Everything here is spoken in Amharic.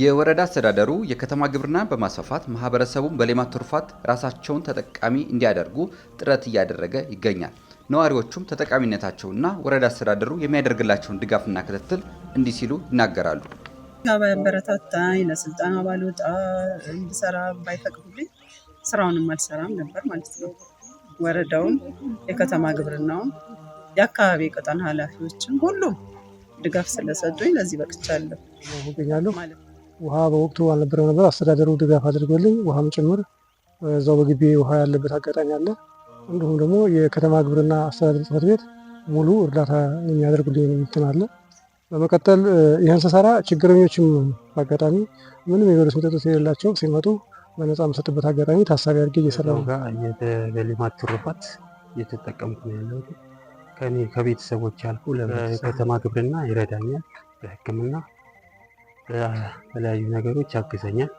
የወረዳ አስተዳደሩ የከተማ ግብርና በማስፋፋት ማህበረሰቡን በሌማት ትሩፋት ራሳቸውን ተጠቃሚ እንዲያደርጉ ጥረት እያደረገ ይገኛል። ነዋሪዎቹም ተጠቃሚነታቸውና ወረዳ አስተዳደሩ የሚያደርግላቸውን ድጋፍና ክትትል እንዲህ ሲሉ ይናገራሉ። ባያበረታታኝ ለስልጠና ባልወጣ እንድሰራ ባይፈቅዱልኝ ስራውንም አልሰራም ነበር ማለት ነው። ወረዳውም የከተማ ግብርናውም የአካባቢ ቀጠና ኃላፊዎችም ሁሉም ድጋፍ ስለሰጡኝ ለዚህ በቅቻለሁ ማለት ነው። ውሃ በወቅቱ አልነበረም ነበር። አስተዳደሩ ድጋፍ አድርጎልኝ ውሃም ጭምር እዛው በግቢ ውሃ ያለበት አጋጣሚ አለ። እንዲሁም ደግሞ የከተማ ግብርና አስተዳደር ጽሕፈት ቤት ሙሉ እርዳታ የሚያደርጉልኝ እንትን አለ። በመቀጠል ይህን ስሰራ ችግረኞችም በአጋጣሚ ምንም የሚበሉት የሚጠጡት የሌላቸው ሲመጡ በነፃ መሰጥበት አጋጣሚ ታሳቢ አድርጌ እየሰራ ነው። በሌማት ትሩፋት እየተጠቀምኩ ነው ያለው። ከኔ ከቤተሰቦች ያልኩ ለከተማ ግብርና ይረዳኛል በሕክምና የተለያዩ ነገሮች ያግዘኛል።